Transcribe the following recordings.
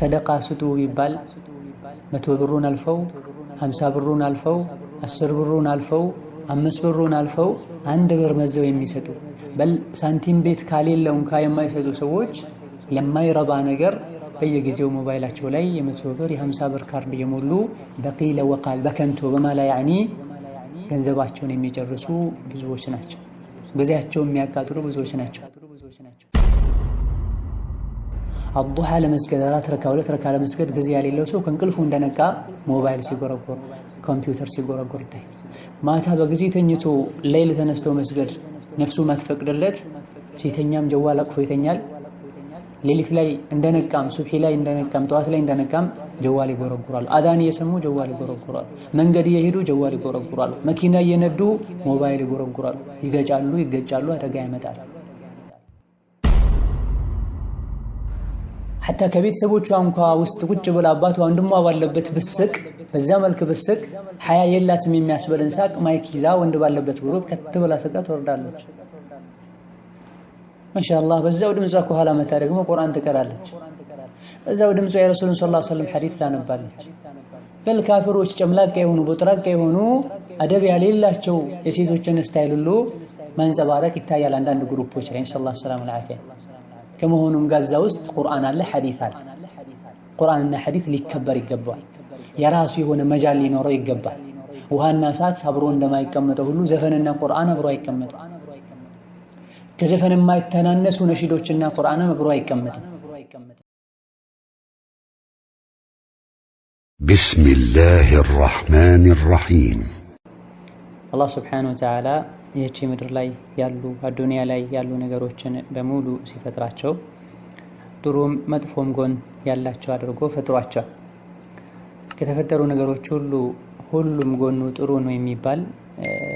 ሰደቃ ስጡ ቢባል መቶ ብሩን አልፈው ሀምሳ ብሩን አልፈው አስር ብሩን አልፈው አምስት ብሩን አልፈው አንድ ብር መዘው የሚሰጡ በል ሳንቲም ቤት ካሌለ እንኳ የማይሰጡ ሰዎች ለማይረባ ነገር በየጊዜው ሞባይላቸው ላይ የመቶ ብር የሀምሳ ብር ካርድ የሞሉ በቂለ ወቃል በከንቱ በማላ ያዕኒ ገንዘባቸውን የሚጨርሱ ብዙዎች ናቸው። ጊዜያቸው የሚያቃጥሉ ብዙዎች ናቸው። አዱሃ ለመስገድ አራት ረካ ሁለት ረካ ለመስገድ ጊዜ ያሌለው ሰው ከእንቅልፉ እንደነቃ ሞባይል ሲጎረጎር ኮምፒውተር ሲጎረጎር ይታያል። ማታ በጊዜ ተኝቶ ሌይል ተነስቶ መስገድ ነፍሱ ማትፈቅድለት ሲተኛም ጀዋል አቅፎ ይተኛል። ሌሊት ላይ እንደነቃም ሱብሒ ላይ እንደነቃም ጠዋት ላይ እንደነቃም ጀዋል ይጎረጉራሉ። አዳን እየሰሙ ጀዋል ይጎረጉራሉ። መንገድ እየሄዱ ጀዋል ይጎረጉራሉ። መኪና እየነዱ ሞባይል ይጎረጉራሉ። ይገጫሉ፣ ይገጫሉ። አደጋ ያመጣል። ሐታ ከቤተሰቦቿ እንኳ ውስጥ ቁጭ ብላ አባት ወንድሟ ባለበት ብስቅ፣ በዛ መልክ ብስቅ ሀያ የላትም የሚያስበልን ሳቅ ማይክ ይዛ ወንድ ባለበት ግሩፕ ከት ብላ ስቃ ትወርዳለች። ማሻአላህ በዛው ድምጿ ከኋላ መታ ደግሞ ቁርአን ትቀራለች። በዛው ድምጿ የረሱልን ሰለላሁ ዐለይሂ ወሰለም ሐዲስ ታነባለች። በል ጨምላቃ የሆኑ ቦጥራቃ የሆኑ አደብ ያሌላቸው የሴቶችን ስታይል ሁሉ መንጸባረቅ ይታያል አንዳንድ ግሩፖች ላይ ሰለላሁ ዐለይሂ ወሰለም كما كمهونم غزاوست قران الله حديثا قران الله حديث ليكبر يجبا يا راسو يونه مجال لي نورو يجبا وهانا سات صبرو عندما يكمته كله زفننا قران ابرو يكمته كزفن ما يتنانسو نشيدوچنا قران ابرو يكمته بسم الله الرحمن الرحيم الله سبحانه وتعالى ይህቺ ምድር ላይ ያሉ አዱንያ ላይ ያሉ ነገሮችን በሙሉ ሲፈጥራቸው ጥሩም መጥፎም ጎን ያላቸው አድርጎ ፈጥሯቸው ከተፈጠሩ ነገሮች ሁሉ ሁሉም ጎኑ ጥሩ ነው የሚባል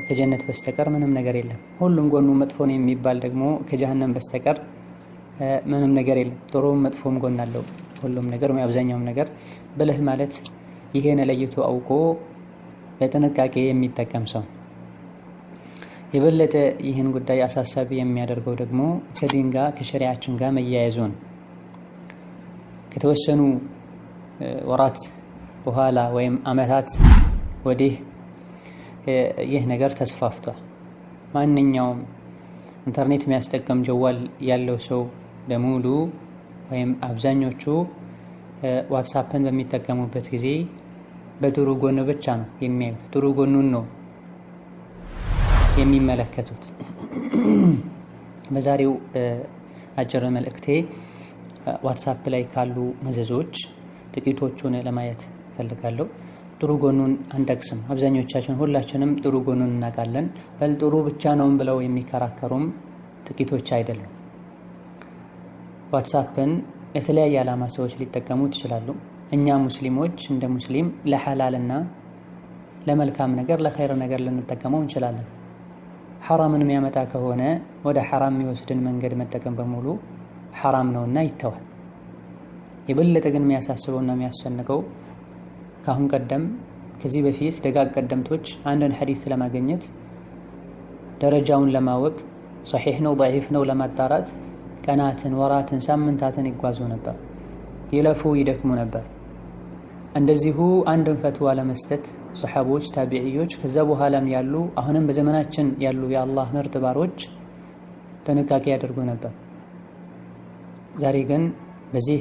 ከጀነት በስተቀር ምንም ነገር የለም። ሁሉም ጎኑ መጥፎ ነው የሚባል ደግሞ ከጀሃነም በስተቀር ምንም ነገር የለም። ጥሩም መጥፎም ጎን አለው ሁሉም ነገር ወይ አብዛኛውም ነገር ብልህ ማለት ይሄን ለይቶ አውቆ በጥንቃቄ የሚጠቀም ሰው የበለጠ ይህን ጉዳይ አሳሳቢ የሚያደርገው ደግሞ ከዲን ጋር ከሸሪያችን ጋር መያያዙ ነው። ከተወሰኑ ወራት በኋላ ወይም አመታት ወዲህ ይህ ነገር ተስፋፍቷል። ማንኛውም ኢንተርኔት የሚያስጠቀም ጀዋል ያለው ሰው በሙሉ ወይም አብዛኞቹ ዋትሳፕን በሚጠቀሙበት ጊዜ በጥሩ ጎኑ ብቻ ነው የሚያዩት። ጥሩ ጎኑን ነው የሚመለከቱት። በዛሬው አጭር መልእክቴ ዋትሳፕ ላይ ካሉ መዘዞች ጥቂቶቹን ለማየት ፈልጋለሁ። ጥሩ ጎኑን አንጠቅስም። አብዛኞቻችን ሁላችንም ጥሩ ጎኑን እናውቃለን። በል ጥሩ ብቻ ነውም ብለው የሚከራከሩም ጥቂቶች አይደሉም። ዋትሳፕን የተለያየ ዓላማ ሰዎች ሊጠቀሙት ይችላሉ። እኛ ሙስሊሞች እንደ ሙስሊም ለሐላልና ለመልካም ነገር ለኸይር ነገር ልንጠቀመው እንችላለን። ሐራምን የሚያመጣ ከሆነ ወደ ሐራም የሚወስድን መንገድ መጠቀም በሙሉ ሐራም ነውና ይተዋል። የበለጠ ግን የሚያሳስበውና የሚያስጨንቀው ከአሁን ቀደም ከዚህ በፊት ደጋግ ቀደምቶች አንድን ሐዲስ ለማገኘት ደረጃውን ለማወቅ ሰሒሕ ነው ደዒፍ ነው ለማጣራት ቀናትን፣ ወራትን፣ ሳምንታትን ይጓዙ ነበር፣ ይለፉ፣ ይደክሙ ነበር። እንደዚሁ አንድን ፈትዋ ለመስጠት ሰሓቦች፣ ታቢዕዮች ከዛ በኋላም ያሉ አሁንም በዘመናችን ያሉ የአላህ ምርጥ ባሮች ጥንቃቄ ያደርጉ ነበር። ዛሬ ግን በዚህ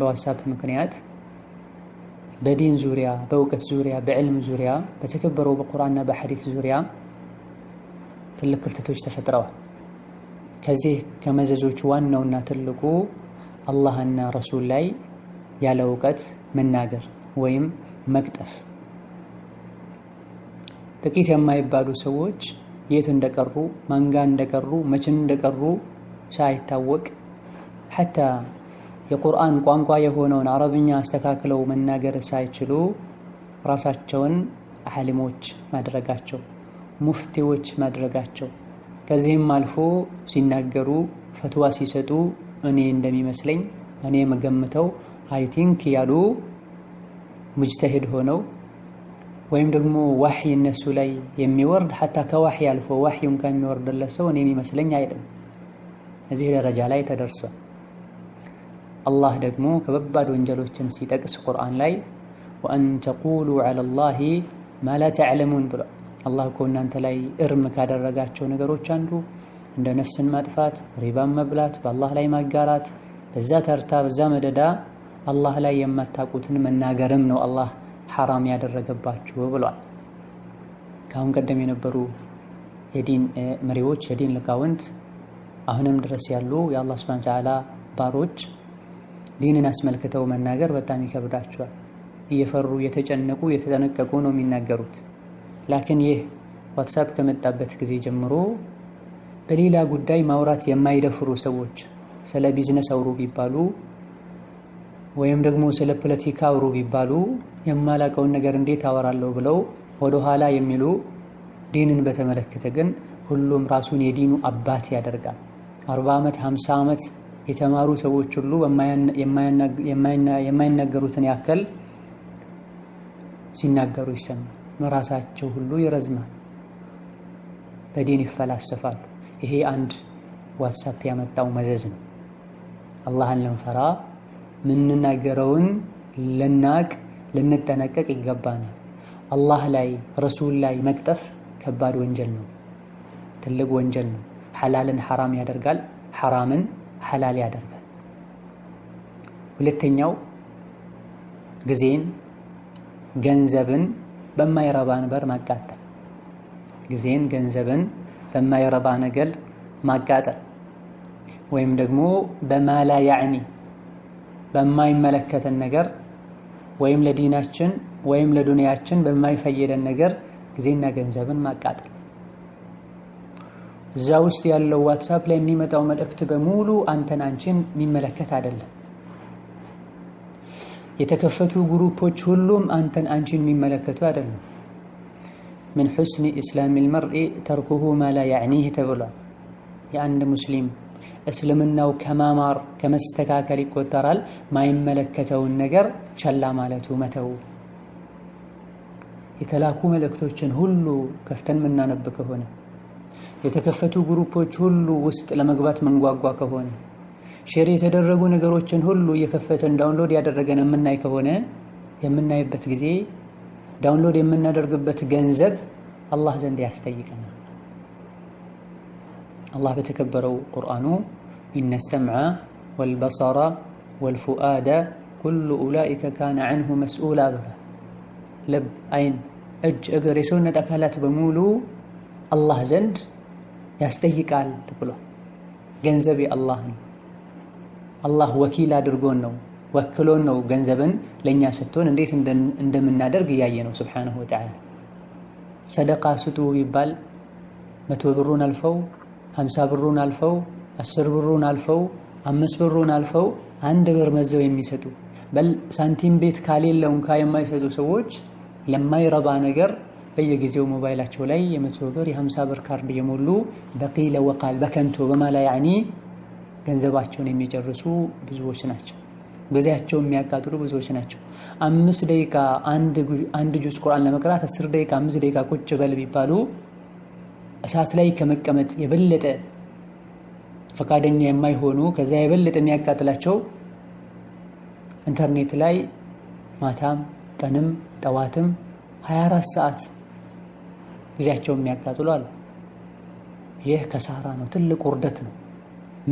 በዋትሳፕ ምክንያት በዲን ዙሪያ፣ በእውቀት ዙሪያ፣ በዕልም ዙሪያ፣ በተከበረው በቁርአንና በሐዲስ ዙሪያ ትልቅ ክፍተቶች ተፈጥረዋል። ከዚህ ከመዘዞቹ ዋናውና ትልቁ አላህና ረሱል ላይ ያለ እውቀት መናገር ወይም መቅጠፍ ጥቂት የማይባሉ ሰዎች የት እንደቀሩ ማንጋ እንደቀሩ መቼ እንደቀሩ ሳይታወቅ ሐታ የቁርአን ቋንቋ የሆነውን አረብኛ አስተካክለው መናገር ሳይችሉ ራሳቸውን ዓሊሞች ማድረጋቸው ሙፍቲዎች ማድረጋቸው ከዚህም አልፎ ሲናገሩ ፈትዋ ሲሰጡ እኔ እንደሚመስለኝ እኔ መገምተው አይ ቲንክ ያሉ ሙጅተሂድ ሆነው ወይም ደግሞ ዋሕይ እነሱ ላይ የሚወርድ ሐታ ከዋሕይ አልፎ ዋሕዩም ከሚወርድለት ሰው እኔ የሚመስለኝ አይልም። እዚህ ደረጃ ላይ ተደርሷል። አላህ ደግሞ ከበባድ ወንጀሎችን ሲጠቅስ ቁርአን ላይ ወአን ተቁሉ ዐላ ላሂ ማ ላ ተዕለሙን ብሏል። አላህ እኮ እናንተ ላይ እርም ካደረጋቸው ነገሮች አንዱ እንደ ነፍስን ማጥፋት፣ ሪባን መብላት፣ በአላህ ላይ ማጋራት፣ በዛ ተርታ በዛ መደዳ አላህ ላይ የማታውቁትን መናገርም ነው አላህ ሐራም ያደረገባችሁ ብሏል። ከአሁን ቀደም የነበሩ የዲን መሪዎች፣ የዲን ሊቃውንት፣ አሁንም ድረስ ያሉ የአላህ ሱብሓነሁ ወተዓላ ባሮች ዲንን አስመልክተው መናገር በጣም ይከብዳቸዋል። እየፈሩ እየተጨነቁ እየተጠነቀቁ ነው የሚናገሩት። ላኪን ይህ ዋትሳፕ ከመጣበት ጊዜ ጀምሮ በሌላ ጉዳይ ማውራት የማይደፍሩ ሰዎች ስለ ቢዝነስ አውሩ ቢባሉ ወይም ደግሞ ስለ ፖለቲካ አውሩ ቢባሉ የማላቀውን ነገር እንዴት አወራለሁ ብለው ወደኋላ የሚሉ ዲንን በተመለከተ ግን ሁሉም ራሱን የዲኑ አባት ያደርጋል። አርባ ዓመት ሀምሳ ዓመት የተማሩ ሰዎች ሁሉ የማይናገሩትን ያክል ሲናገሩ ይሰማል። መራሳቸው ሁሉ ይረዝማል። በዲን ይፈላሰፋሉ። ይሄ አንድ ዋትሳፕ ያመጣው መዘዝ ነው። አላህን ለምፈራ! የምንናገረውን ልናቅ ልንጠነቀቅ ይገባናል። አላህ ላይ ረሱል ላይ መቅጠፍ ከባድ ወንጀል ነው፣ ትልቅ ወንጀል ነው። ሐላልን ሐራም ያደርጋል፣ ሐራምን ሐላል ያደርጋል። ሁለተኛው ጊዜን ገንዘብን በማይረባ ነገር ማቃጠል፣ ጊዜን ገንዘብን በማይረባ ነገር ማቃጠል ወይም ደግሞ በማላ ያዕኒ በማይመለከተን ነገር ወይም ለዲናችን ወይም ለዱንያችን በማይፈየደን ነገር ጊዜና ገንዘብን ማቃጠል። እዛ ውስጥ ያለው ዋትሳፕ ላይ የሚመጣው መልእክት በሙሉ አንተን አንቺን የሚመለከት አይደለም። የተከፈቱ ግሩፖች ሁሉም አንተን አንቺን የሚመለከቱ አይደለም። ምን ሑስኒ ኢስላሚል መርኢ ተርኩሁ ማላ ያዕኒህ ተብሏል። የአንድ ሙስሊም እስልምናው ከማማር ከመስተካከል ይቆጠራል። ማይመለከተውን ነገር ቸላ ማለቱ መተው። የተላኩ መልእክቶችን ሁሉ ከፍተን የምናነብ ከሆነ የተከፈቱ ግሩፖች ሁሉ ውስጥ ለመግባት መንጓጓ ከሆነ ሼር የተደረጉ ነገሮችን ሁሉ እየከፈተን ዳውንሎድ ያደረገን የምናይ ከሆነ የምናይበት ጊዜ ዳውንሎድ የምናደርግበት ገንዘብ አላህ ዘንድ ያስጠይቀናል። አላህ በተከበረው ቁርአኑ ኢነ ሰምዐ ወልበሰራ ወልፉአደ ኩሉ ኡላኢከ ካነ አንሁ መስኡላ ብሏል። ልብ፣ አይን፣ እጅ፣ እግር የሰውነት አካላት በሙሉ አላህ ዘንድ ያስጠይቃል ብሏል። ገንዘብ የአላህ ነው። አላህ ወኪል አድርጎን ነው ወክሎን ነው ገንዘብን ለእኛ ሰጥቶን እንዴት እንደምናደርግ እያየ ነው ስብሓነሁ ወተዓላ። ሰደቃ ስጡ ቢባል መቶ ብሩን አልፈው ሀምሳ ብሩን አልፈው አስር ብሩን አልፈው አምስት ብሩን አልፈው አንድ ብር መዘው የሚሰጡ በል ሳንቲም ቤት ካሌለው እንኳ የማይሰጡ ሰዎች ለማይረባ ነገር በየጊዜው ሞባይላቸው ላይ የመቶ ብር የሀምሳ ብር ካርድ የሞሉ በቂለ ወቃል በከንቶ በማላ ያኒ ገንዘባቸውን የሚጨርሱ ብዙዎች ናቸው። ጊዜያቸው የሚያቃጥሉ ብዙዎች ናቸው። አምስት ደቂቃ አንድ ጁስ ቁርአን ለመቅራት አስር ደቂቃ አምስት ደቂቃ ቁጭ በል ቢባሉ እሳት ላይ ከመቀመጥ የበለጠ ፈቃደኛ የማይሆኑ ከዛ የበለጠ የሚያቃጥላቸው ኢንተርኔት ላይ ማታም ቀንም ጠዋትም 24 ሰዓት ጊዜያቸው የሚያቃጥሉ አሉ። ይህ ከሳራ ነው፣ ትልቅ ውርደት ነው።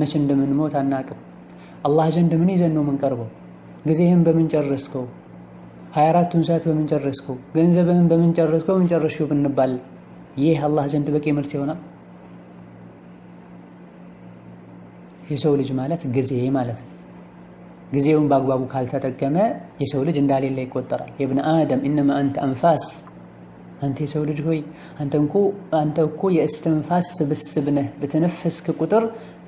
መች እንደምንሞት አናቅም። አላህ ዘንድ ምን ይዘን ነው የምንቀርበው? ጊዜህን በምን ጨረስከው? 24ቱን ሰዓት በምን ጨረስከው? ገንዘብህን በምን ጨረስከው? ምን ጨረስሽው ብንባል ይህ አላህ ዘንድ በቂ ምርት ይሆናል። የሰው ልጅ ማለት ጊዜ ማለት ነው። ጊዜውን በአግባቡ ካልተጠቀመ የሰው ልጅ እንዳሌለ ይቆጠራል። የብነ አደም እነማ አንተ አንፋስ፣ አንተ የሰው ልጅ ሆይ አንተ እኮ የእስትንፋስ ስብስብ ነህ። በተነፈስክ ቁጥር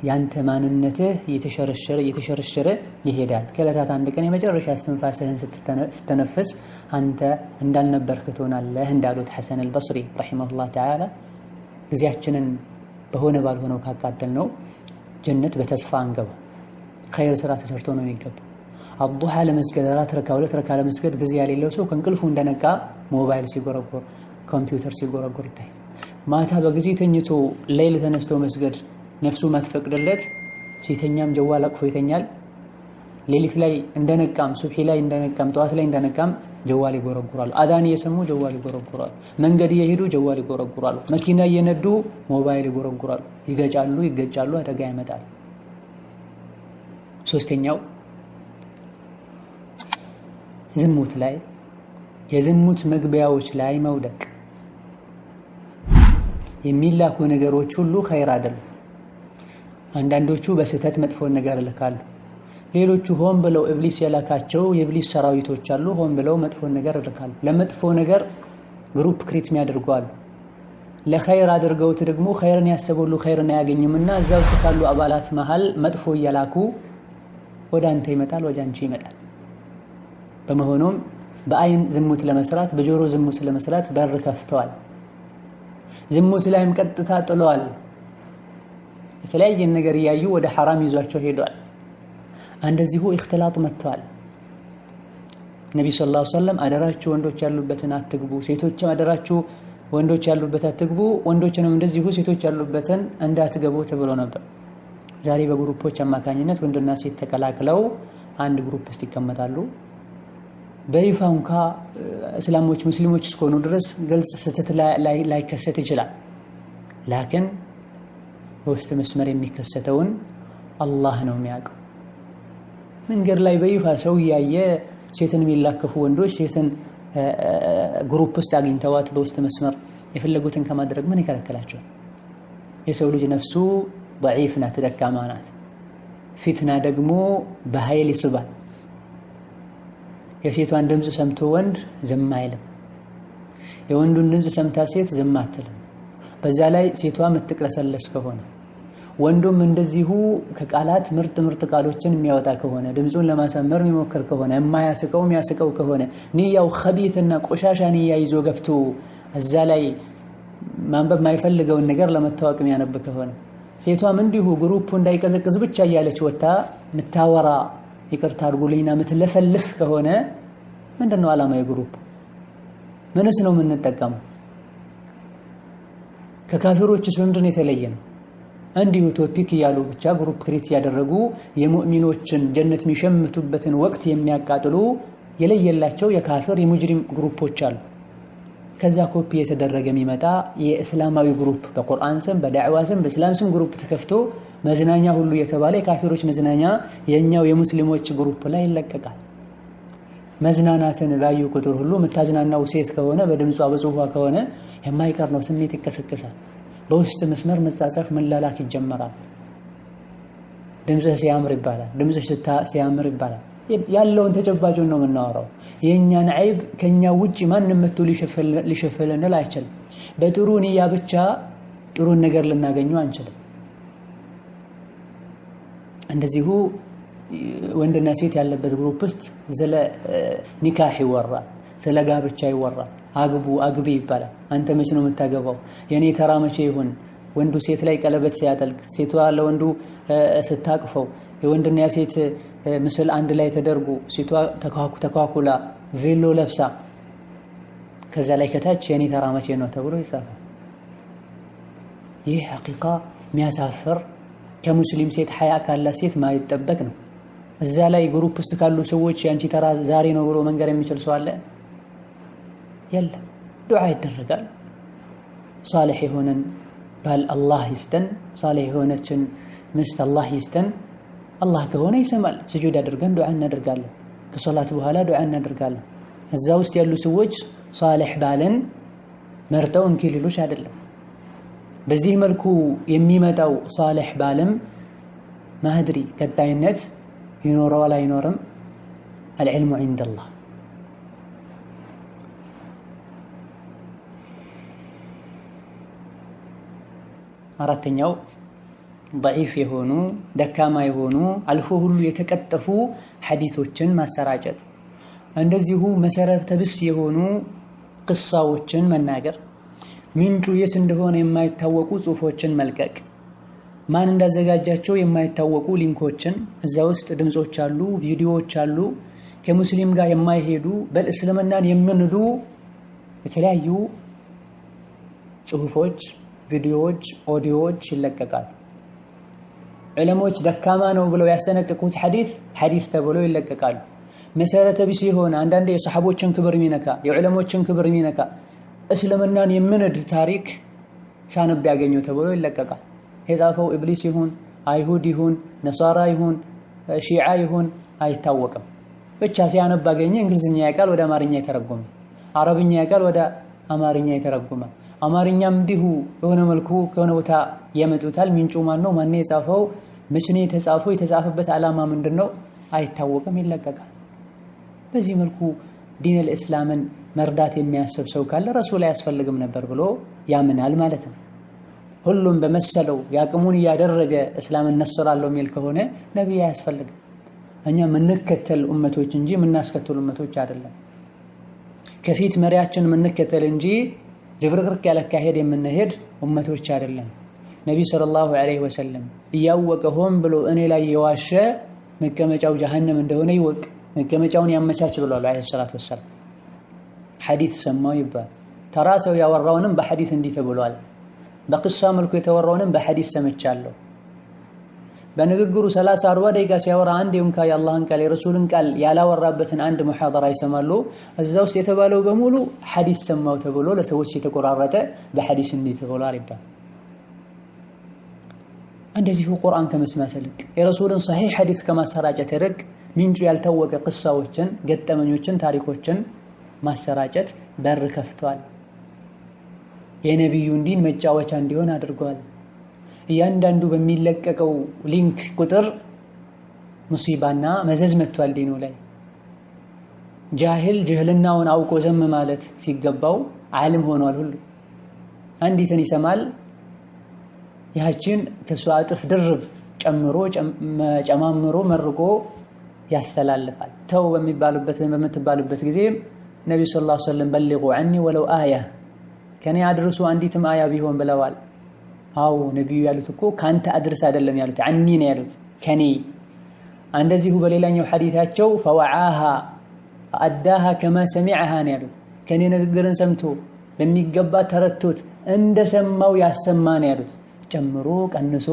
ያንተ ማንነትህ እየተሸረሸረ እየተሸረሸረ ይሄዳል። ከዕለታት አንድ ቀን የመጨረሻ እስትንፋስህን ስተነፍስ አንተ እንዳልነበርክ ትሆናለህ እንዳሉት ሐሰን አልበስሪ ረሂመሁላህ ተዓላ ጊዜያችንን በሆነ ባልሆነው ካቃጠል ነው ጀነት በተስፋ አንገባ። ኸይር ስራ ተሰርቶ ነው የሚገባው። አዱሃ ለመስገድ አራት ረካ ሁለት ረካ ለመስገድ ጊዜ ያሌለው ሰው ከእንቅልፉ እንደነቃ ሞባይል ሲጎረጎር፣ ኮምፒውተር ሲጎረጎር ይታያል። ማታ በጊዜ ተኝቶ ሌይል ተነስቶ መስገድ ነፍሱ ማትፈቅድለት ሲተኛም ጀዋል አቅፎ ይተኛል። ሌሊት ላይ እንደነቃም ሱብሒ ላይ እንደነቃም ጠዋት ላይ እንደነቃም ጀዋል ይጎረጉራሉ። አዳን እየሰሙ ጀዋል ይጎረጉራሉ። መንገድ እየሄዱ ጀዋል ይጎረጉራሉ። መኪና እየነዱ ሞባይል ይጎረጉራሉ። ይገጫሉ፣ ይገጫሉ፣ አደጋ ያመጣል። ሶስተኛው ዝሙት ላይ የዝሙት መግቢያዎች ላይ መውደቅ። የሚላኩ ነገሮች ሁሉ ኸይር አይደሉም። አንዳንዶቹ በስህተት መጥፎን ነገር ልካሉ። ሌሎቹ ሆን ብለው እብሊስ የላካቸው የእብሊስ ሰራዊቶች አሉ። ሆን ብለው መጥፎን ነገር ይልካሉ። ለመጥፎ ነገር ግሩፕ ክሪትም የሚያደርጉ ለኸይር አድርገውት ደግሞ ኸይርን ያሰበሉ ኸይርን እና እዛ ውስጥ ካሉ አባላት መሀል መጥፎ እያላኩ ወደ አንተ ይመጣል፣ ወደ አንቺ ይመጣል። በመሆኑም በአይን ዝሙት ለመስራት በጆሮ ዝሙት ለመስራት በር ከፍተዋል። ዝሙት ላይም ቀጥታ ጥለዋል። የተለያየን ነገር እያዩ ወደ ሐራም ይዟቸው ሄደዋል። እንደዚሁ ኢኽትላጥ መጥተዋል። ነቢዩ ሰለላሁ ዐለይሂ ወሰለም አደራችሁ ወንዶች ያሉበትን አትግቡ፣ ሴቶችም አደራችሁ ወንዶች ያሉበት አትግቡ፣ ወንዶችንም እንደዚሁ ሴቶች ያሉበትን እንዳትገቡ ተብሎ ነበር። ዛሬ በግሩፖች አማካኝነት ወንድና ሴት ተቀላቅለው አንድ ግሩፕ ውስጥ ይቀመጣሉ። በይፋ እንኳ እስላሞች ሙስሊሞች እስከሆኑ ድረስ ግልጽ ስህተት ላይከሰት ይችላል። ላኪን በውስጥ መስመር የሚከሰተውን አላህ ነው የሚያውቀው። መንገድ ላይ በይፋ ሰው እያየ ሴትን የሚላከፉ ወንዶች ሴትን ግሩፕ ውስጥ አግኝተዋት በውስጥ መስመር የፈለጉትን ከማድረግ ምን ይከለክላቸዋል? የሰው ልጅ ነፍሱ ደዒፍ ናት፣ ደካማ ናት። ፊትና ደግሞ በኃይል ይስባል። የሴቷን ድምፅ ሰምቶ ወንድ ዝም አይልም። የወንዱን ድምፅ ሰምታ ሴት ዝም አትልም። በዛ ላይ ሴቷ የምትቅለሰለስ ከሆነ ወንዱም እንደዚሁ ከቃላት ምርጥ ምርጥ ቃሎችን የሚያወጣ ከሆነ ድምፁን ለማሳመር የሚሞክር ከሆነ የማያስቀው የሚያስቀው ከሆነ ንያው ከቢትና ቆሻሻ ንያ ይዞ ገብቶ እዛ ላይ ማንበብ የማይፈልገውን ነገር ለመታወቅ የሚያነብ ከሆነ ሴቷም እንዲሁ ግሩፑ እንዳይቀዘቅዝ ብቻ እያለች ወታ ምታወራ ይቅርታ አድርጉልኝና ምትለፈልፍ ከሆነ ምንድን ነው ዓላማ የግሩፕ? ምንስ ነው የምንጠቀመው? ከካፊሮችስ በምንድን ነው የተለየ ነው? እንዲሁ ቶፒክ እያሉ ብቻ ግሩፕ ክሬት እያደረጉ የሙእሚኖችን ጀነት የሚሸምቱበትን ወቅት የሚያቃጥሉ የለየላቸው የካፍር የሙጅሪም ግሩፖች አሉ። ከዛ ኮፒ የተደረገ የሚመጣ የእስላማዊ ግሩፕ በቁርአን ስም በዳዕዋ ስም በእስላም ስም ግሩፕ ተከፍቶ መዝናኛ ሁሉ የተባለ የካፊሮች መዝናኛ የእኛው የሙስሊሞች ግሩፕ ላይ ይለቀቃል። መዝናናትን ባዩ ቁጥር ሁሉ የምታዝናናው ሴት ከሆነ በድምጿ በጽሁፏ ከሆነ የማይቀር ነው ስሜት ይቀሰቀሳል። በውስጥ መስመር መጻጻፍ መላላክ ይጀመራል። ድምፅህ ሲያምር ይባላል። ድምፅህ ሲያምር ይባላል። ያለውን ተጨባጩን ነው የምናወራው። የእኛን ዓይብ ከእኛ ውጭ ማንም መቶ ሊሸፍልንል አይችልም። በጥሩ ንያ ብቻ ጥሩን ነገር ልናገኘው አንችልም። እንደዚሁ ወንድና ሴት ያለበት ግሩፕ ውስጥ ዘለ ኒካህ ይወራል። ስለ ጋብቻ ይወራል። አግቡ አግቢ ይባላል። አንተ መች ነው የምታገባው? የኔ ተራ መቼ ይሆን? ወንዱ ሴት ላይ ቀለበት ሲያጠልቅ፣ ሴቷ ለወንዱ ስታቅፈው፣ የወንድና ሴት ምስል አንድ ላይ ተደርጎ፣ ሴቷ ተኳኩላ ቬሎ ለብሳ፣ ከዛ ላይ ከታች የኔ ተራ መቼ ነው ተብሎ ይጻፋል። ይህ ሐቂቃ የሚያሳፍር ከሙስሊም ሴት ሀያ ካላት ሴት ማይጠበቅ ነው። እዛ ላይ ግሩፕ ውስጥ ካሉ ሰዎች የአንቺ ተራ ዛሬ ነው ብሎ መንገር የሚችል ሰው አለ? የለም። ዱዓ ይደረጋል። ሳሌሕ የሆነን ባል አላህ ይስጠን፣ ሳሌሕ የሆነችን ሚስት አላህ ይስጠን። አላህ ከሆነ ይሰማል። ስጁድ አድርገን ዱዓ እናደርጋለን። ከሶላት በኋላ ዱዓ እናደርጋለን። እዛ ውስጥ ያሉ ሰዎች ሳሌሕ ባልን መርጠው እንኪ ሌሎች አይደለም። በዚህ መልኩ የሚመጣው ሳሌሕ ባልም ማህድሪ ቀጣይነት ይኖረዋል አይኖርም? አልዕልሙ ዒንደላህ አራተኛው ضعيف የሆኑ ደካማ የሆኑ አልፎ ሁሉ የተቀጠፉ ሐዲሶችን ማሰራጨት፣ እንደዚሁ መሰረተ ቢስ የሆኑ ቅሳዎችን መናገር፣ ምንጩ የት እንደሆነ የማይታወቁ ጽሁፎችን መልቀቅ፣ ማን እንዳዘጋጃቸው የማይታወቁ ሊንኮችን እዚያ ውስጥ ድምጾች አሉ፣ ቪዲዮዎች አሉ፣ ከሙስሊም ጋር የማይሄዱ በል እስልምናን የሚንዱ የተለያዩ ጽሁፎች? ቪዲዮዎች፣ ኦዲዮዎች ይለቀቃሉ። ዕለሞች ደካማ ነው ብለው ያስጠነቀቁት ሐዲስ ሐዲስ ተብሎ ይለቀቃሉ። መሰረተ ቢስ የሆነ አንዳንድ የሰሐቦችን ክብር የሚነካ የዕለሞችን ክብር የሚነካ እስልምናን የምንድ ታሪክ ሳነብ ያገኘው ተብሎ ይለቀቃል። የጻፈው ኢብሊስ ይሁን አይሁድ ይሁን ነሳራ ይሁን ሺዓ ይሁን አይታወቅም። ብቻ ሲያነብ አገኘ። እንግሊዝኛ ያውቃል፣ ወደ አማርኛ የተረጎመ፣ አረብኛ ያውቃል፣ ወደ አማርኛ የተረጎመ አማርኛም እንዲሁ የሆነ መልኩ ከሆነ ቦታ ያመጡታል። ምንጩ ማን ነው? ማን የጻፈው? መቼ ነው የተጻፈው? የተጻፈበት ዓላማ ምንድን ነው? አይታወቅም፣ ይለቀቃል። በዚህ መልኩ ዲን እስላምን መርዳት የሚያስብ ሰው ካለ ረሱል አያስፈልግም ነበር ብሎ ያምናል ማለት ነው። ሁሉም በመሰለው የአቅሙን እያደረገ እስላምን እነስራለሁ የሚል ከሆነ ነቢይ አያስፈልግም። እኛ የምንከተል እመቶች እንጂ የምናስከትሉ እመቶች አይደለም። ከፊት መሪያችን የምንከተል እንጂ ዝብርቅርቅ ያለ አካሄድ የምንሄድ ኡመቶች አይደለም። ነቢይ ሰለላሁ ዐለይሂ ወሰለም እያወቀ ሆን ብሎ እኔ ላይ የዋሸ መቀመጫው ጀሀነም እንደሆነ ይወቅ፣ መቀመጫውን ያመቻች ብሏል ዐለይሂ ሰላቱ ወሰላም። ሐዲት ሰማው ይባል ተራ ሰው ያወራውንም በሐዲት እንዲህ ተብሏል፣ በቅሳ መልኩ የተወራውንም በሐዲት ሰምቻለሁ። በንግግሩ 30 40 ደቂቃ ሲያወራ አንድ እንኳ የአላህን ቃል የረሱልን ቃል ያላወራበትን አንድ ሙሐደራ ይሰማሉ። እዛ ውስጥ የተባለው በሙሉ ሐዲስ ሰማው ተብሎ ለሰዎች የተቆራረጠ በሐዲስ እንዲ ተብሏል ይባል። እንደዚሁ ቁርአን ከመስማት ይልቅ የረሱልን ሰሂህ ሐዲስ ከማሰራጨት ይልቅ ምንጩ ያልታወቀ ቅሳዎችን፣ ገጠመኞችን፣ ታሪኮችን ማሰራጨት በር ከፍቷል። የነቢዩን ዲን መጫወቻ እንዲሆን አድርጓል። እያንዳንዱ በሚለቀቀው ሊንክ ቁጥር ሙሲባና መዘዝ መጥቷል ዲኑ ላይ። ጃሂል ጅህልናውን አውቆ ዘም ማለት ሲገባው ዓሊም ሆኗል ሁሉ። አንዲትን ይሰማል ያችን ከሷ እጥፍ ድርብ ጨምሮ ጨማምሮ መርቆ ያስተላልፋል። ተው በሚባሉበት ወይም በምትባሉበት ጊዜ ነቢዩ ሰለላሁ ዐለይሂ ወሰለም በሊጉ ዐኒ ወለው አያ ከኔ አድርሱ አንዲትም አያ ቢሆን ብለዋል። አዎ ነቢዩ ያሉት እኮ ከአንተ አድርስ አይደለም ያሉት አኒ ነው ያሉት ከኔ። እንደዚሁ በሌላኛው ሐዲታቸው ፈወዓሃ አዳሃ ከማ ሰሚዐሃ ነው ያሉት ከኔ ንግግርን ሰምቶ በሚገባ ተረቶት እንደሰማው ያሰማ ነው ያሉት። ጨምሮ ቀንሶ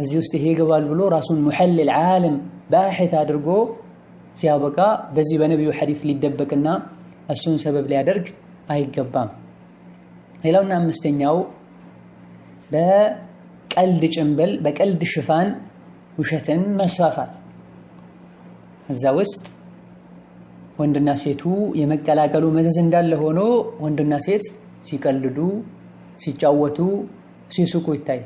እዚህ ውስጥ ይሄ ይገባል ብሎ ራሱን ሙሐልል ዓለም ባሕት አድርጎ ሲያበቃ በዚህ በነቢዩ ሐዲት ሊደበቅና እሱን ሰበብ ሊያደርግ አይገባም። ሌላውና አምስተኛው በቀልድ ጭንብል በቀልድ ሽፋን ውሸትን መስፋፋት እዛ ውስጥ ወንድና ሴቱ የመቀላቀሉ መዘዝ እንዳለ ሆኖ ወንድና ሴት ሲቀልዱ፣ ሲጫወቱ፣ ሲስቁ ይታይ።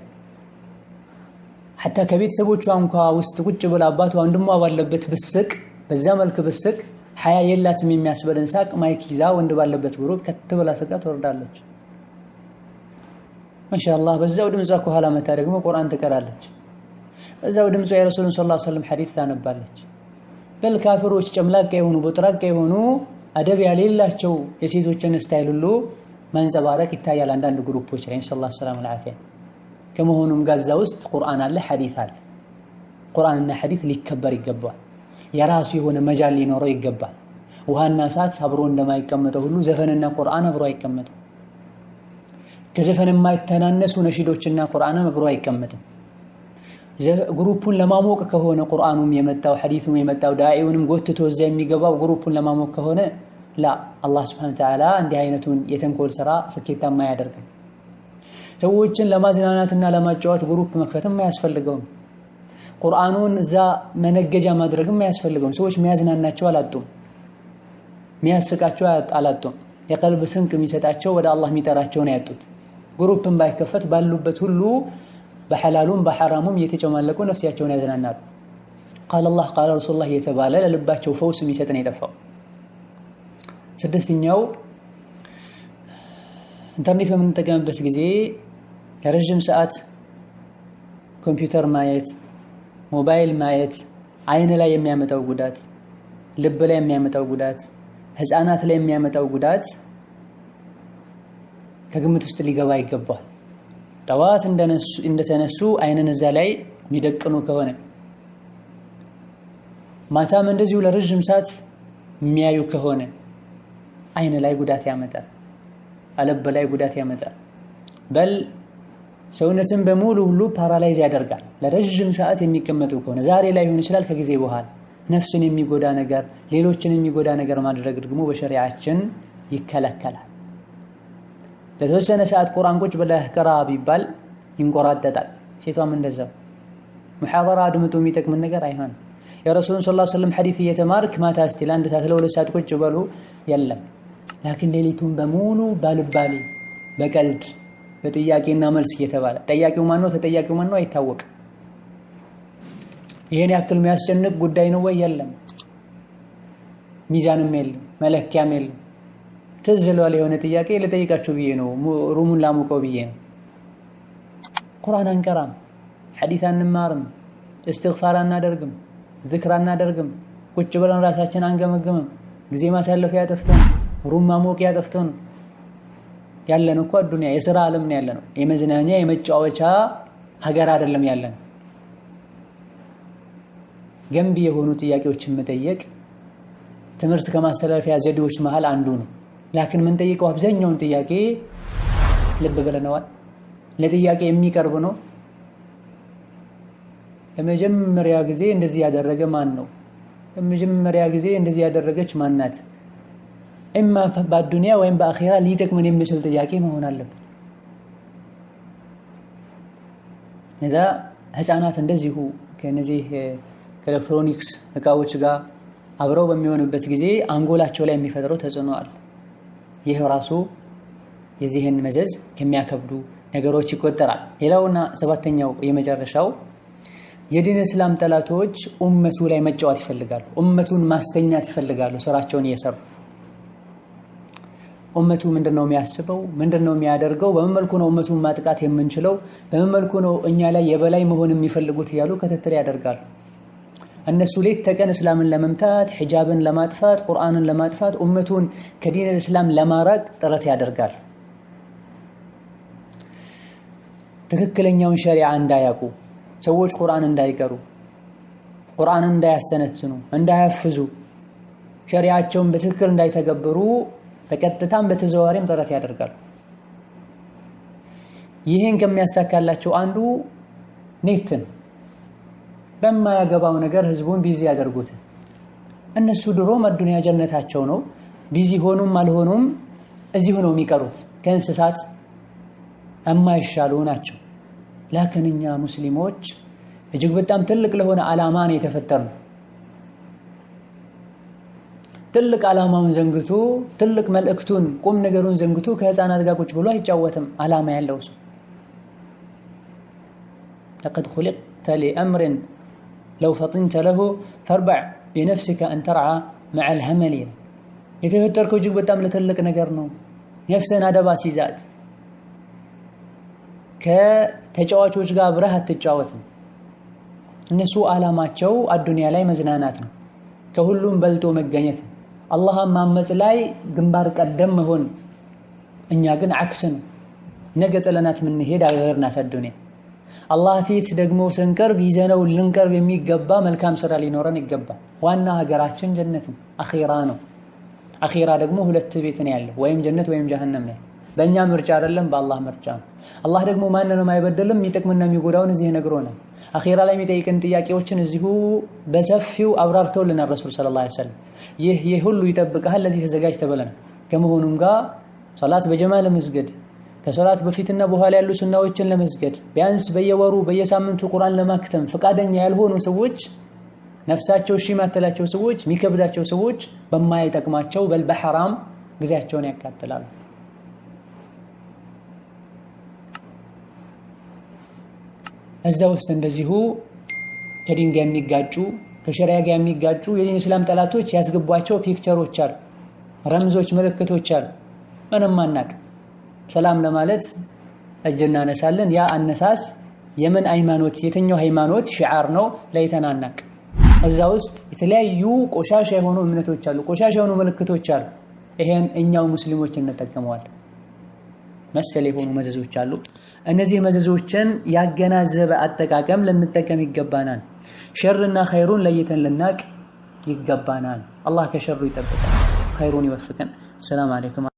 ሐታ ከቤተሰቦቿ እንኳ ውስጥ ቁጭ ብላ አባቷ ወንድሟ ባለበት ብስቅ፣ በዛ መልክ ብስቅ ሀያ የላትም የሚያስበልን ሳቅ ማይክ ይዛ ወንድ ባለበት ግሩፕ ከትብላ ስቃ ትወርዳለች። ማሻአላህ በዛው ድምጿ ከኋላ መታ ደግሞ ቁርአን ትቀራለች። በዛው ድምጿ የረሱሉን ሰለላሁ ዐለይሂ ወሰለም ሐዲስ ታነባለች። በል ካፍሮች ጨምላቃ የሆኑ ቦጥራቃ የሆኑ አደብ ያሌላቸው የሴቶችን ስታይል ሁሉ ማንጸባረቅ ይታያል አንዳንድ ግሩፖች ላይ ኢንሻአላህ ሰላም አልዓፊያ። ከመሆኑም ጋዛ ውስጥ ቁርአን አለ፣ ሐዲስ አለ። ቁርአንና ሐዲስ ሊከበር ይገባል። የራሱ የሆነ መጃል ሊኖረው ይገባል። ውሃና እሳት አብሮ እንደማይቀመጠው ሁሉ ዘፈንና ቁርአን አብሮ አይቀመጥም። ከዘፈን የማይተናነሱ ነሽዶችና ቁርአን አብሮ አይቀመጥም። ግሩፑን ለማሞቅ ከሆነ ቁርአኑም የመጣው ሐዲሱም የመጣው ዳኢውንም ጎትቶ እዛ የሚገባው ግሩፑን ለማሞቅ ከሆነ ላ አላህ ስብሐነ ወተዓላ እንዲህ አይነቱን የተንኮል ስራ ስኬታማ አያደርግም። ሰዎችን ለማዝናናትና ለማጫወት ግሩፕ መክፈትም አያስፈልገውም። ቁርአኑን እዛ መነገጃ ማድረግም አያስፈልገውም። ሰዎች የሚያዝናናቸው አላጡም፣ የሚያስቃቸው አላጡም። የቀልብ ስንቅ የሚሰጣቸው ወደ አላህ የሚጠራቸውን ያጡት ግሩፕን ባይከፈት ባሉበት ሁሉ በሐላሉም በሐራሙም እየተጨማለቁ ነፍሲያቸውን ያዝናናሉ። ቃለ አላህ ቃለ ረሱሉላህ እየተባለ ለልባቸው ፈውስ የሚሰጥ ነው የጠፋው። ስድስተኛው ኢንተርኔት በምንጠቀምበት ጊዜ ለረዥም ሰዓት ኮምፒውተር ማየት፣ ሞባይል ማየት አይን ላይ የሚያመጣው ጉዳት፣ ልብ ላይ የሚያመጣው ጉዳት፣ ህፃናት ላይ የሚያመጣው ጉዳት ከግምት ውስጥ ሊገባ ይገባል። ጠዋት እንደተነሱ አይንን እዛ ላይ የሚደቅኑ ከሆነ ማታም እንደዚሁ ለረዥም ሰዓት የሚያዩ ከሆነ አይን ላይ ጉዳት ያመጣል፣ አለበ ላይ ጉዳት ያመጣል። በል ሰውነትን በሙሉ ሁሉ ፓራላይዝ ያደርጋል። ለረዥም ሰዓት የሚቀመጡ ከሆነ ዛሬ ላይ ሊሆን ይችላል፣ ከጊዜ በኋላ ነፍስን የሚጎዳ ነገር፣ ሌሎችን የሚጎዳ ነገር ማድረግ ደግሞ በሸሪዓችን ይከለከላል። ለተወሰነ ሰዓት ቁርአን ቁጭ ብለህ ቅራ ቢባል ይንቆራጠጣል። ሴቷም እንደዛው ሙሐደራ አድምጡ፣ የሚጠቅምን ነገር አይሆን። የረሱሉን ሰለላሁ ዐለይሂ ወሰለም ሐዲስ እየተማርክ ማታ እስቲ ለአንድ ሰዓት ለሁለት ሰዓት ቁጭ በሉ የለም። ላኪን ሌሊቱን በሙሉ ባልባሌ፣ በቀልድ፣ በጥያቄና መልስ እየተባለ ጠያቂው ማን ነው ተጠያቂው ማን ነው አይታወቅም። ይሄን ያክል የሚያስጨንቅ ጉዳይ ነው ወይ? የለም። ሚዛንም የለም፣ መለኪያም የለም። ትዝ የሆነ ጥያቄ ልጠይቃችሁ ብዬ ነው፣ ሩሙን ላሙቀው ብዬ ነው። ቁርአን አንቀራም፣ ሐዲስ አንማርም፣ እስትግፋር አናደርግም፣ ዝክር አናደርግም፣ ቁጭ ብለን ራሳችን አንገመግምም። ጊዜ ማሳለፍ ያጠፍተን፣ ሩም ማሞቅ ያጠፍተን። ያለን እኮ አዱንያ የሥራ ዓለም ነው ያለነው። የመዝናኛ የመጫወቻ ሀገር አይደለም ያለን። ገንቢ የሆኑ ጥያቄዎችን መጠየቅ ትምህርት ከማስተላለፊያ ዘዴዎች መሃል አንዱ ነው። ላኪን የምንጠይቀው አብዛኛውን ጥያቄ ልብ ብለነዋል፣ ለጥያቄ የሚቀርብ ነው። ለመጀመሪያ ጊዜ እንደዚህ ያደረገ ማን ነው? ለመጀመሪያ ጊዜ እንደዚህ ያደረገች ማን ናት? እማ በአዱንያ ወይም በአኼራ ሊጠቅመን የሚችል ጥያቄ መሆን አለብን። ነዛ ህፃናት እንደዚሁ ከነዚህ ከኤሌክትሮኒክስ እቃዎች ጋር አብረው በሚሆንበት ጊዜ አንጎላቸው ላይ የሚፈጥረው ተጽዕኖ አለ። ይህ ራሱ የዚህን መዘዝ ከሚያከብዱ ነገሮች ይቆጠራል። ሌላውና ሰባተኛው የመጨረሻው የዲን እስላም ጠላቶች ኡመቱ ላይ መጫወት ይፈልጋሉ። ኡመቱን ማስተኛት ይፈልጋሉ። ስራቸውን እየሰሩ ኡመቱ ምንድነው የሚያስበው? ምንድነው የሚያደርገው? በምን መልኩ ነው ኡመቱን ማጥቃት የምንችለው? በምን መልኩ ነው እኛ ላይ የበላይ መሆን የሚፈልጉት? እያሉ ክትትል ያደርጋሉ። እነሱ ሌት ተቀን እስላምን ለመምታት ሒጃብን ለማጥፋት ቁርአንን ለማጥፋት ኡመቱን ከዲን እስላም ለማራቅ ጥረት ያደርጋል። ትክክለኛውን ሸሪዓ እንዳያውቁ ሰዎች ቁርአን እንዳይቀሩ፣ ቁርአንን እንዳያስተነትኑ፣ እንዳያፍዙ፣ ሸሪዓቸውን በትክክል እንዳይተገብሩ በቀጥታም በተዘዋዋሪም ጥረት ያደርጋል። ይህን ከሚያሳካላቸው አንዱ ኔትን በማያገባው ነገር ህዝቡን ቢዚ ያደርጉት። እነሱ ድሮ መዱንያ ጀነታቸው ነው። ቢዚ ሆኑም አልሆኑም እዚሁ ነው የሚቀሩት። ከእንስሳት የማይሻሉ ናቸው። ላክን እኛ ሙስሊሞች እጅግ በጣም ትልቅ ለሆነ ዓላማ ነው የተፈጠርነው። ትልቅ ዓላማውን ዘንግቶ ትልቅ መልእክቱን ቁም ነገሩን ዘንግቶ ከህፃናት ጋር ቁጭ ብሎ አይጫወትም። ዓላማ ያለው ሰው ለቀድ ኹሊቅተ ሊአምሪን ለው ፈጢንተ ለሁ ፈርበዕ ቢነፍሲከ እንተርዓ መዐል ሀመል የተፈጠርከው እጅግ በጣም ለትልቅ ነገር ነው። ነፍስህን አደባ ሲይዛት ከተጫዋቾች ጋር አብረህ አትጫወትም። እነሱ ዓላማቸው አዱንያ ላይ መዝናናት ነው፣ ከሁሉም በልጦ መገኘት፣ አላህን ማመፅ ላይ ግንባር ቀደም መሆን። እኛ ግን አክስ ነው። ነገ ጥለናት የምንሄድ አገር ናት አዱንያ። አላህ ፊት ደግሞ ስንቀርብ ይዘነው ልንቀርብ የሚገባ መልካም ስራ ሊኖረን ይገባል። ዋና ሀገራችን ጀነት ነው፣ አኺራ ነው። አኺራ ደግሞ ሁለት ቤት ነው ያለው፣ ወይም ጀነት ወይም ጀሀነም ነው። በእኛ ምርጫ አይደለም፣ በአላህ ምርጫ ነው። አላህ ደግሞ ማንንም አይበደልም። የሚጠቅምና የሚጎዳውን እዚህ ነግሮናል። አኺራ ላይ የሚጠይቅን ጥያቄዎችን እዚሁ በሰፊው አብራርተውልናል ረሱል ሰለላሁ ዐለይሂ ወሰለም። ይህ ይህ ሁሉ ይጠብቅሃል፣ ለዚህ ተዘጋጅ ተብለናል። ከመሆኑም ጋር ሰላት በጀማ ለመስገድ ከሰላት በፊትና በኋላ ያሉ ሱናዎችን ለመስገድ ቢያንስ በየወሩ በየሳምንቱ ቁርአን ለማክተም ፈቃደኛ ያልሆኑ ሰዎች ነፍሳቸው እሺ ማተላቸው ሰዎች የሚከብዳቸው ሰዎች በማይጠቅማቸው በልበሐራም ጊዜያቸውን ያቃጥላሉ። እዛ ውስጥ እንደዚሁ ከዲንጋ የሚጋጩ ከሸሪያ ጋር የሚጋጩ እስላም ጠላቶች ያስገቧቸው ፒክቸሮች አሉ፣ ረምዞች፣ ምልክቶች አሉ። ምንም አናውቅም። ሰላም ለማለት እጅ እናነሳለን። ያ አነሳስ የምን ሃይማኖት የትኛው ሃይማኖት ሽዓር ነው? ላይተናናቅ። እዛ ውስጥ የተለያዩ ቆሻሻ የሆኑ እምነቶች አሉ፣ ቆሻሻ የሆኑ ምልክቶች አሉ። ይሄን እኛው ሙስሊሞች እንጠቀመዋል መሰል የሆኑ መዘዞች አሉ። እነዚህ መዘዞችን ያገናዘበ አጠቃቀም ልንጠቀም ይገባናል። ሸርና ኸይሩን ለይተን ልናቅ ይገባናል። አላህ ከሸሩ ይጠብቀን፣ ኸይሩን ይወፍቀን። ሰላም አለይኩም።